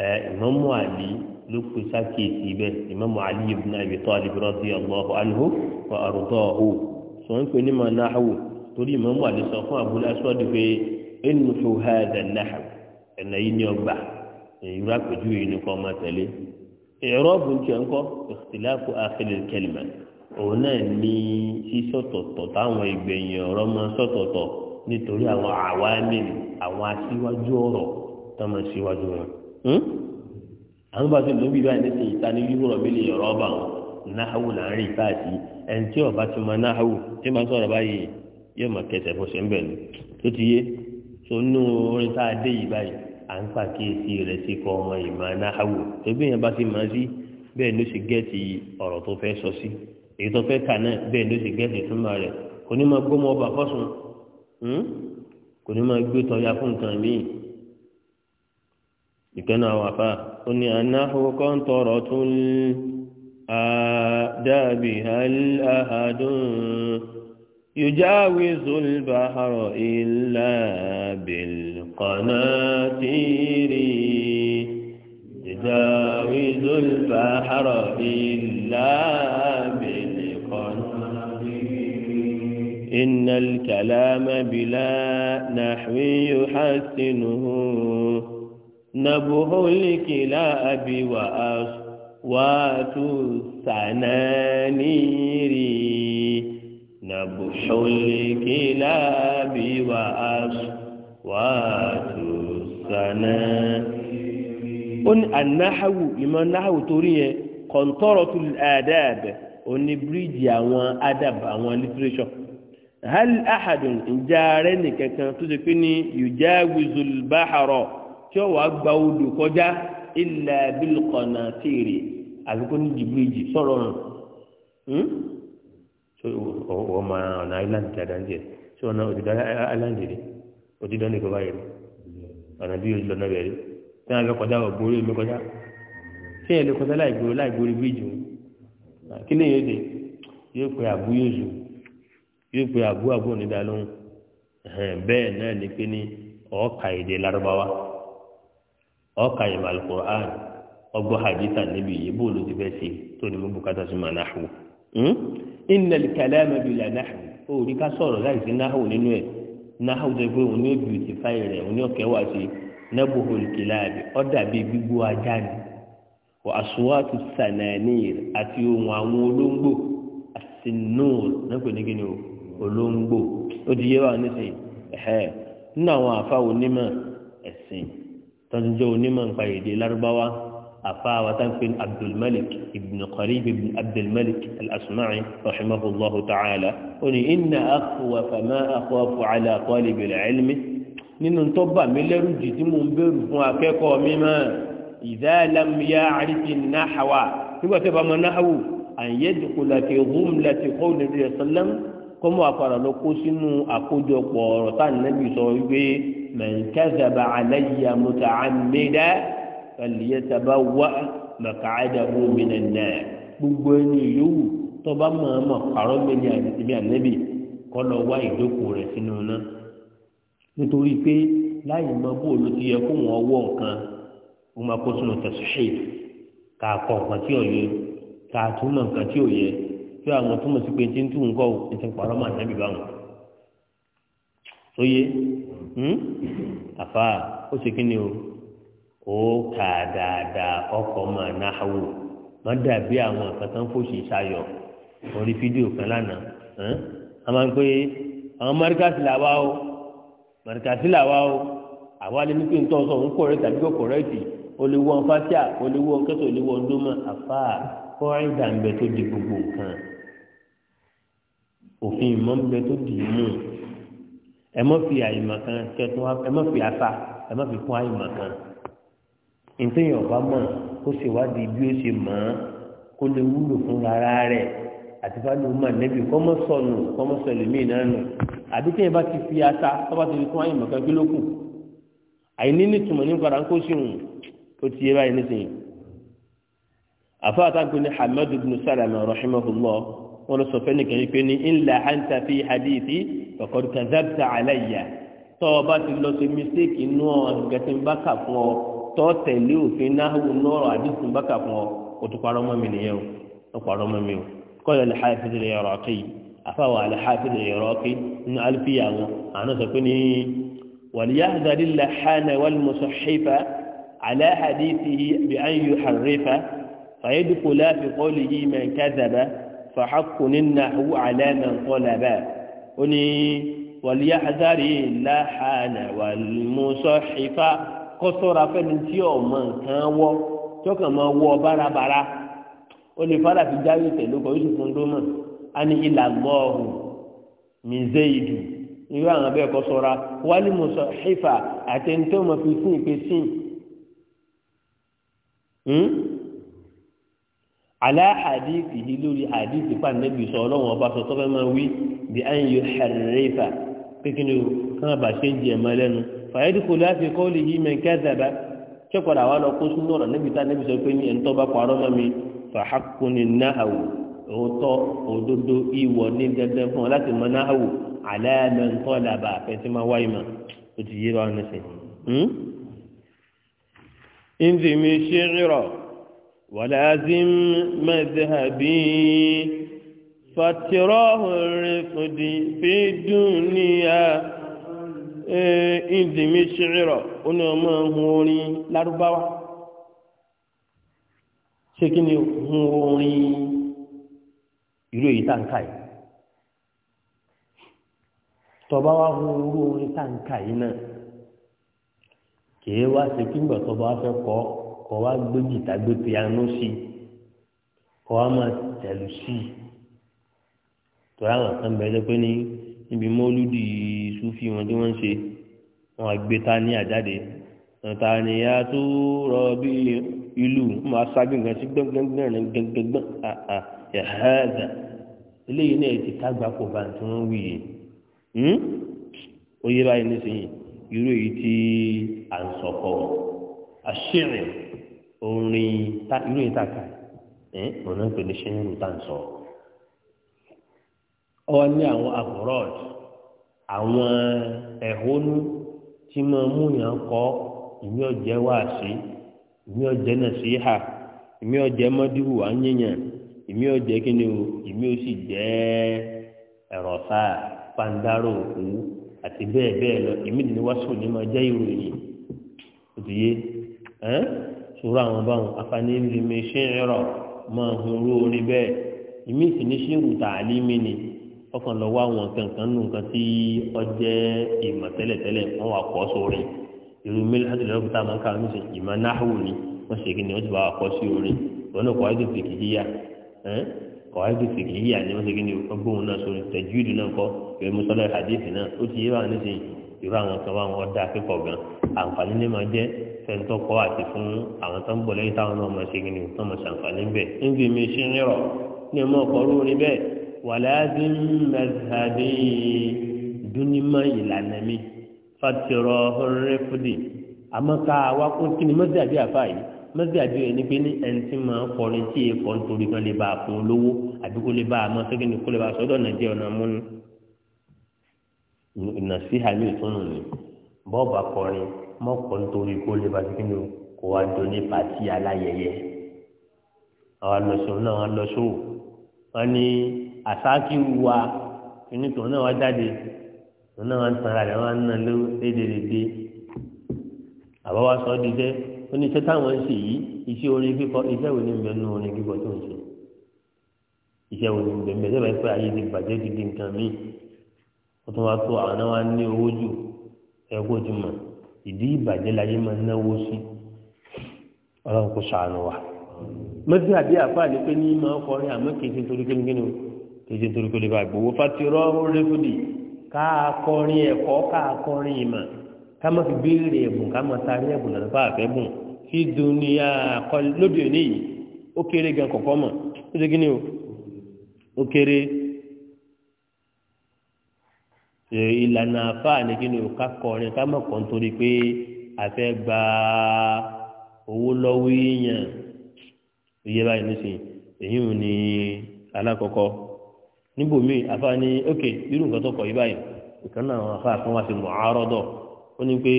ẹ ìmọ̀mù àlì ló pe sákèsì bẹ́ẹ̀ ìmọ̀mù àlì ibùn àbí tọ́lì rọ́bì ọlọ́hu anhu wà àrùtọ́ ọ̀hún sọ ń pè ní mọ̀ náà wò torí ìmọ̀mù àlì sọ fún abul aswadi pé ẹnu tó ha ẹ̀dà ẹ̀nà yìí ni ọgbà ìrú àpèjúwe yìí ni kò ọmọ tẹ̀lé ìrọ́bù ń tiẹ̀ ńkọ́ ìtìláàfù òun náà ní sísọ̀tọ̀tọ̀ táwọn ìgbẹ̀yìn ọ̀rọ̀ mọ sọ̀tọ̀tọ̀ nítorí àwọn àwámì àwọn aṣíwájú ọ̀rọ̀ tọmọ síwájú wọn. Hmm? àwọn bá ti lò bí báyìí nísìnyí ta ní wíwúrọ̀ mi lè yọ̀rọ̀ ọba wọn náhàwù láàrin ìta àti ẹni tí ọba ti mọ náhàwù tí máa sọ̀rọ̀ báyìí yóò mọ kẹsẹ̀ fọṣẹ̀ ń bẹ̀ ni tó ti yé tó nú orin tá a dé yìí báyìí à ń pàkíyèsí rẹ̀ sí kọ ọmọ ìmọ̀ náhàwù tó bí yẹn bá ti mọ̀ sí bẹ́ẹ̀ ló ṣe gẹ́ẹ̀tì ọ̀rọ̀ tó fẹ́ sọ sí èyí tó fẹ́ kà náà bẹ́ẹ̀ ló sì gẹ́sì túmọ̀ rẹ̀ kò ní máa gbọ́mọ ọba fọ́sùn hmm? kò ní máa gbé tọ́ya fún nǹkan míì ìkànnà àwọn àfa ó ní anáhùn kọ́ńtọ̀rọ̀ tún àdàbí àhàdùn يجاوز البحر إلا بالقناطير يجاوز البحر إلا بالقناطير إن الكلام بلا نحو يحسنه نبه الكلاب وأصوات السنانير نبح الكلاب وأصوات السنانير أن النحو إما النحو تريه قنطرة الآداب أن بريد àwọn أدب àwọn literature hal ahadun njaare nìkankan tó ti pé ní yòjá wizulbáharọ tí ó wà gba odò kọjá ilà bílkọ̀nà tèrè àfikún ní jìbìrìjì sọ̀rọ̀ hàn wọ́n máa ọ̀nà island ti àdáńtì ẹ̀ ṣé ọ̀nà òdìdá island rí òdìdá nìkan báyìí rí ọ̀nà bí ojú lọ́nà bẹ̀rẹ̀ tí wọ́n fẹ́ kọjá ọ̀gbọ́n orí omi kọjá tí ẹ̀ lè kọjá láì gbórí bíríjì kí ni yóò dé yóò pé àbúyọ̀ zùn yóò pe àbú àbú onídàá lóhùn bẹ́ẹ̀ náà ni pé ní ọ̀ọ́ka èdè lárúbáwá ọ̀ọ́ka ìmọ̀ alukur'an ọgbọ́ hadita níbi yìí bó ló ti fẹ́ ṣe tó ní bukata sí ma náà hù. ìnà kẹlẹ́ mẹ́bi là náà hù ó rí ká sọ̀rọ̀ láì sí náà hù nínú ẹ̀ náà hù jẹ́ òun ní rẹ̀ òun ní ọ̀kẹ́ sí nábò gbígbó ajá ni wà á wá tu sànàní àti ohun àwọn olóńgbò àti olóńgbò ó di yé wa nísìnyí ẹ̀hẹ́ nínú àwọn àfa onímọ̀ ẹ̀sìn tọ́jú jẹ́ onímọ̀ nípa èdè lárúbáwá àfa àwátánpé abdulmalik ibn qarib ibn abdulmalik al-asma'i rahimahullahu ta'ala ó ní iná àkùwà fàmà àkùwà fùcàlà àkọ́lé bẹ̀rẹ̀ ẹ̀lmi nínú tó bà mí lẹ́rù jù tí mò ń bẹ̀rù fún akẹ́kọ̀ọ́ mi mọ́ ìdáàlámiyá àríkì náhàwá nígbà tó bá mọ náhàwù àyẹ̀dùkú láti hùm láti kọ́ kọ́mọ àpàrà lọ kó sínú àkójọpọ̀ ọ̀rọ̀ tá nẹ́bí sọ wípé mẹ̀ǹkẹ́sàbà àlẹ́yà mọ́tà àmẹ́dá pẹ̀lẹ́sàbà wá màkàdà òmìnira náà gbogbo ẹni yòówù tọba mọ̀ọ́mọ̀ pàrọ̀ mẹ́lẹ́ àdìsíbí ànẹ́bí kọ́ lọ wá ìjókòó rẹ̀ sínú náà nítorí pé láì mọ bóòlù ti yẹ kó wọn wọ nǹkan wọn máa kó sínú tẹ̀síṣẹ́ káàkọ́ nǹkan tí ò yẹ káàtúmọ̀ nǹkan tí ò yẹ pé àwọn túmọ̀ sí pé tí ń tú nǹkan ò ti ń parọ́ mọ́ ànábì báwọn tó yé àfa ó ṣe kí ni o ó kà dáadáa ọkọ̀ máa náhàwò má dàbí àwọn nǹkan tó ń fòṣì ṣayọ̀ orí fídíò kan lánàá hmm? a máa ń pé àwọn mẹ́ríkàsì làwa o mẹ́ríkàsì làwa o àwa lè ní pé nítorí ọ̀sán òun kọ̀rẹ́ tàbí kò kọ̀rẹ́tì o lè wọ ọ̀n fásíà o lè wọ kẹ́tọ̀ o lè wọ ọ̀n dómà àfa kọ́ ẹ̀dà tó di gbogbo nǹkan. òfin ìmọ̀ ń bẹ tó dì í ayi ẹ mọ́ fi àyìnmọ̀ kan kẹtọ́ ẹ mọ́ fi àṣà ẹ mọ́ fi kún àyìnmọ̀ kan ìtẹ̀yìn ọ̀bá mọ̀ kó ṣèwádìí bí ó ṣe mọ̀ ọ́n kó lè wúlò fún rárá rẹ̀ àti fáwọn ọmọ sọnù míì náà nù àbí tẹ́yìn bá ti fi àṣà tọ́ba ti fi kún àyìnmọ̀ kan kí ló kù ní padà wọn lọ sọ fẹ́ nìkan yìí pé ní ńlá àǹtà fi hadithi ọ̀kọ̀dù kazabta aláìyá tọ́ ọ bá ti lọ sí mistake inú ọ nǹkan tí ń bá kà fún ọ tọ́ tẹ̀lé òfin náà nù ọ̀rọ̀ àdìsí ń bá kà fún ọ o tó parọ́ mọ́ mi nìyẹn o parọ́ mọ́ mi o kọ́lẹ̀ alhafiz lè yọrọ ọ̀kì afáwọ̀ alhafiz lè yọrọ ọ̀kì nínú alfiya wọn àná sọ pé ní wàlíyáhàdàdì làhánà فحق النحو على من طلب أني وليحذر اللحن والمصحف قصر فنتي ومن كان tọkàn máa wọ bárabàrà ó lè fara fi jáwé tẹ̀lé ọkọ̀ yusuf ndómọ̀ á ní ilà gbọ́ọ̀hùn mìíze ìdù irú àwọn abẹ́ ẹ̀kọ́ sọ́ra wálé mùsọ̀ xífà àtẹnitọ́ mọ̀ fi sìn ìpè sìn hmm? aláhàdìsì yìí lórí àdìsì pàǹdẹ́bì sọ ọlọ́run ọba sọ tọ́fẹ́ máa wí bí a ń yọ ṣàrẹ́fà kékeré o kán àbá ṣe ń jẹ ẹ̀mọ́ lẹ́nu fàyẹ́dìkò láti kọ́ lè yí mẹ́kẹ́sàbá ṣẹ́kọ̀dà wa lọ kó sínú ọ̀rọ̀ níbi tá níbi sọ pé ní ẹ̀ńtọ́ bá parọ́ mọ́ mi fàákùnì náàwò òótọ́ òdodo ìwọ̀ ní dandan fún ọ láti mọ náàwò aláàmẹ́ńtọ́ ولازم مذهبي فتراه الرفد في الدنيا ìdìmí ṣìírọ̀ ó ní ọmọ ohun orin lárúbáwá ṣé kí orin tọba wa orin táǹkà yìí náà kì í wá sí kí ń kọ́ wá gbé jìtá gbé piano sí kọ́ wá máa tẹ̀lù sí tọ́lá àwọn kan bẹ̀rẹ̀ lọ́pẹ́ ní níbi mọ́lúdì sufi wọn tí wọ́n ń ṣe wọn àgbé ta ní àjáde tàníyà tó rọ bí ìlú máa ṣáájú nǹkan sí gbẹ́ngbẹ́ngbẹ́n gbẹ́ngbẹ́ngbẹ́n ẹ̀hẹ́dà eléyìí náà ti kágbá kò bá tí wọ́n wí yìí hmm? ó yé báyìí nísìnyí irú èyí tí à ń sọ̀kọ̀ àṣírí orin irú ìtàkà ẹ̀ pè ní tá sọ. ọ ní àwọn àwọn ẹ̀hónú tí mo mú yàn kọ́ ìmí ọ̀jẹ́ sí ìmí ọ̀jẹ́ náà sí hà ìmí ọ̀jẹ́ ń ìmí ọ̀jẹ́ kí ni o ìmí ó sì jẹ́ ẹ̀rọ̀fà òkú àti bẹ́ẹ̀ bẹ́ẹ̀ lọ ìmí ni jẹ́ ìròyìn sòrò àwọn báwọn afaní lèmi ṣe ń rọ máa hun orú orin bẹ́ẹ̀ ìmí sì ní ṣéwù tààlí mi ni ọkàn lọ wá àwọn kankan nù nǹkan tí jẹ ìmọ̀ tẹ́lẹ̀tẹ́lẹ̀ wọn wà kọ́ sórí irú mílíọ̀nù àti lọ́kùn tá a máa ń ká ní sè ìmọ̀ ni wọ́n ṣe kí ni ti bá wà sí orí ni ṣe kí ni náà sórí ìdù náà ìwé àǹfààní ní máa jẹ́ fẹ́ntọ́ kọ́ àti fún àwọn tó ń bọ̀ lẹ́yìn táwọn náà máa ṣe kí ni tó máa ṣàǹfààní bẹ̀. níbi mi ṣe ń rírọ̀ ní ọmọ ọkọ̀ rú ni bẹ́ẹ̀ wàláàbí mẹ́tàdé dúnímọ̀ ìlànà mi fàtìrọ̀ rẹ́fúdì àmọ́ ká wá kó kí ni mọ́tì àbí àfa yìí mọ́tì àbí ẹni pé ní ẹni tí máa kọrin tí èèkọ́ nítorí kan lè bá a fún lówó àbí kó lè bá a mọ́ sẹ́kìnì kó mọ́kọ̀ nítorí kó lè bá sikini o kó wá jọ ní pàtí aláyẹyẹ àwọn alọ́sọ náà wọn lọ́sọ wọn ní àsákì wa kíní tòun náà wá jáde tòun náà wá ń tanra rẹ wọn á ná lówó lédèrèdè àbá wa sọ ọ́ di jẹ́ ó ní iṣẹ́ táwọn ń ṣe yìí iṣẹ́ orin kíkọ iṣẹ́ wo ni ń bẹ nínú orin kíkọ tó ń ṣe iṣẹ́ wo ni ń bẹ ń bẹ sẹ́fẹ̀ẹ́ pé ayé ti bàjẹ́ ti di nǹkan míì ó tún wá tó àwọn náà wá ní owó jù ẹ̀kọ́ ti mọ̀ ìdí ìbàjẹ́ láyé máa náwó sí ọlọ́run kò sàánù wa mọ́tí àbí àfáà ní pé ní máa kọrin àmọ́ kejì nítorí kíníkíní o kejì nítorí kò lè bá gbowó fatirọ́ rẹ́fúdì káà kọrin ẹ̀kọ́ káà kọrin ìmọ̀ ká má fi béèrè ẹ̀bùn ká má sáré ẹ̀bùn lọ́dọ̀ bá àfẹ́ bùn fi dunuya kọ lóde òní yìí ó kéré gan kọ̀kọ́ mọ̀ ó ṣe kíní o ó kéré ìlànà àfáà ní kí ni ò ká kọrin ká mọ̀ kàn torí pé àfẹ́ gba owó lọ́wọ́ èèyàn iye báyìí nísìnyí èyí ò ní alákọ̀ọ́kọ́ níbòmíì àfáà ní ok irú nǹkan tó kọ̀ yí báyìí ìkan náà àwọn afáà kan wá sí mọ̀ àárọ̀dọ̀ ó ní pé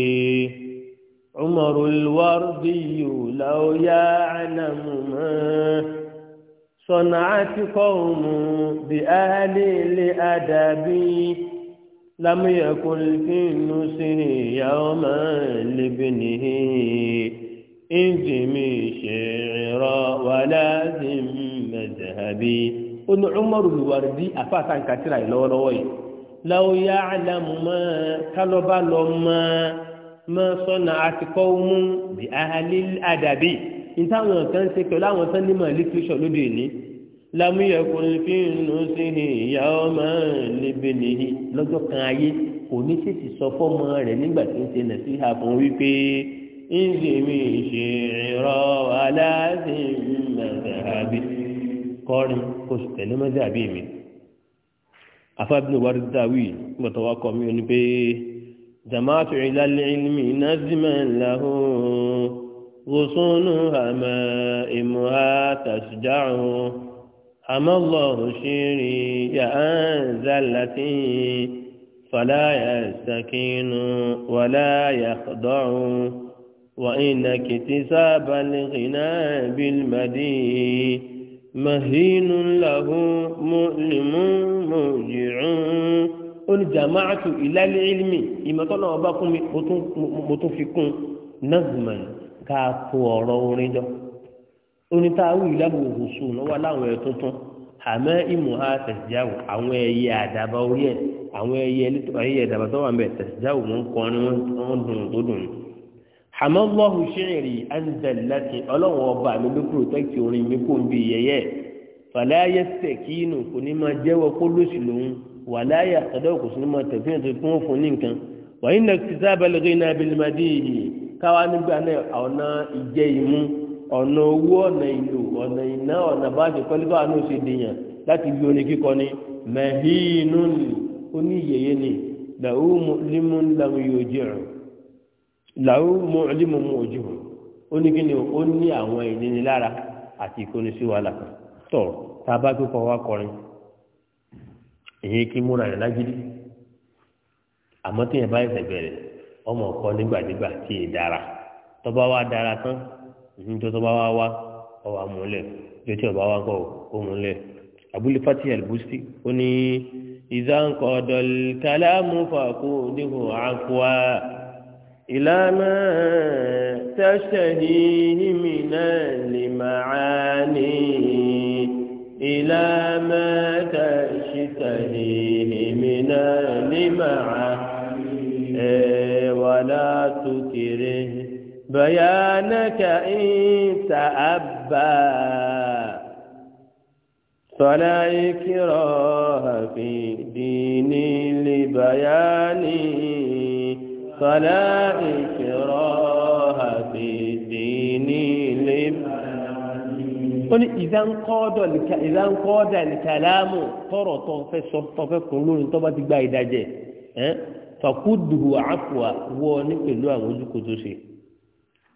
ọmọrò ìwárúdí yìí làó yá ànàmù mọ́ sọ̀nà àtikọ̀ òmù bí áhálẹ̀ ilé àdàbí lámìyà kò fi nù sí ìyá ọmọ lébìnrin ìjìmí ṣèrọ wà láti mẹjàbí ó ní ọmọrù lùwárí bí àfáàtà ń kàtírà ìlọ́wọ́lọ́wọ́ yìí láwùyá àdàmú mọ́ kálọ́bà lọ mọ́ mọ́ sọ́nà àtikọ́ mú bí ahàlí àdàbí ìtàwọn kan ṣe pẹ̀lú àwọn tán nímọ̀ lítírṣọ̀ lóde ìní lámúyẹ kò ní fi nù sí ìyá ọmọ níbi nìyí lọ́jọ́ kan ayé kò ní sèṣì sọ fọ́mọ rẹ̀ nígbà tí ń ṣe nà sí àfọ̀n wípé ìzèmí ṣe ìrọ̀ aláàzìmọ̀tàbí kọrin kò sì tẹ̀lé mọ́tàbí mi. afábínú wárí dáwì gbọ́tọ̀ wá kọ́ mi ó ní pé jamaatu ìlàlẹ̀ ìlmi nazima lahu gosunu hama imuha tasjaru. أما الله شيري يا أنزلتي فلا يستكين ولا يخضع وإنك اكتساب الغنى بالمدي مهين له مؤلم مرجع قل جمعت إلى العلم إما طلع أباكم متفقون نظما كافو رورجا onítàwù ìlànà òhùnsù lọ́wọ́ aláwọ̀ ẹ̀ tuntun àmọ́ ìmọ̀ ha tẹ̀síjáwò àwọn ẹyẹ àdàbà orí ẹ̀ àwọn ẹyẹ ẹyẹ àdàbà tó wà ń bẹ̀ tẹ̀síjáwò wọn kọrin wọn dùn tó dùn. àmọ́ lọ́hùn ṣẹ́ẹ̀rì anzalati ọlọ́wọ́n ọba mi ló pòrọ̀tẹ́kì orin mi kò ń bi yẹyẹ fàlàyé sẹ̀kínù kò ní máa jẹ́wọ́ kó lóṣù lòun wàláyé àtàdọ́ kò sí ní máa tẹ̀síyàn tó fún òfin ní nǹkan wàyí nàkìtì sábà lọ́gẹ́ ọ̀nà owó ọ̀nà ìlú ọ̀nà iná ọ̀nà báàgì pẹ́lúbà náà ṣe Lati láti bí orin kíkọ ni ni ní ìyẹyẹ ni ojú hàn ó ó ní àwọn ìnínilára àti ìkóni sí tọ̀ a bá kíkọ wá kọrin èyí kí múra rẹ̀ lágídí àmọ́ tí yẹn bá bẹ̀rẹ̀ ọmọ ọkọ nígbàdégbà tí ì dára wa dára tán níjọ́ tó bá wá wá ọwọ́ àmúlẹ̀ jọ́ tí ọba wá kọ́ òmúlẹ̀ abúlé fatih albusi ó ní ìzánkọ̀dọ̀ kàlámù fàkó níhò àkúwà ìlànà tẹ́sẹ̀hì hìmìnà lè máa ní ìlànà tẹ́sẹ̀hì hìmìnà lè máa ní ẹ̀wà látòkèrè. بيانك إن تأبى فلا إكراه في ديني لبياني فلا إكراه في ديني لبياني قل إذا انقاد إذا انقاد الكلام ترى تنفي صرفك كلون تبا تقبع إداجة فقده عفوا ونقلوا عن وجهك تشي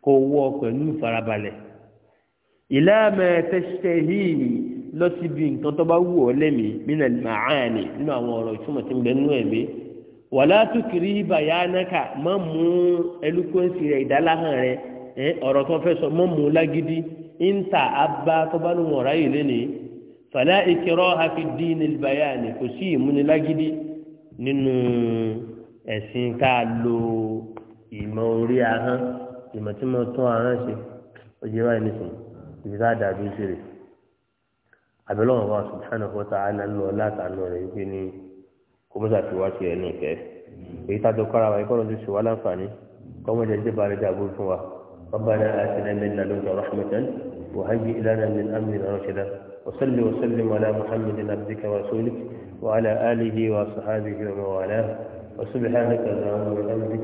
kó wọ́ pẹ̀lú ìfarabalẹ̀ ìlàmẹ tẹsítẹ lọ síbi nǹkan tó bá wù ọ lẹ́mí nínú màáni nínú àwọn ọ̀rọ̀ ìtumọ̀ tí ń bẹ nínú ẹ̀mí wàlá tó kiri má mú ẹlúkọ́nsì rẹ ìdáláhàn rẹ ọ̀rọ̀ tó fẹ́ sọ má mú lágídí ńta abá tó bá yìí ìkẹrọ ní ìmọ̀ tí mo tún ara ṣe ó jẹ́ báyìí nìsín ibi tá a dàbí ìṣeré àbẹ̀lọ́wọ̀n wa subhanahu wa ta'ala lọ látàánú rẹ̀ wípé ní kó mọ́sà ti wá sí ẹnu ìfẹ́ èyí tájọ kára wa ikọ́ lọ́dún ṣùgbọ́n láǹfààní kọ́mọ́ jẹ́ jẹ́ àbúrò fún wa ربنا آتنا من لدنك رحمة وهيئ لنا من أمرنا رشدا وصل وسلم على محمد عبدك ورسولك وعلى آله وصحابه ومن والاه وسبحانك اللهم وبحمدك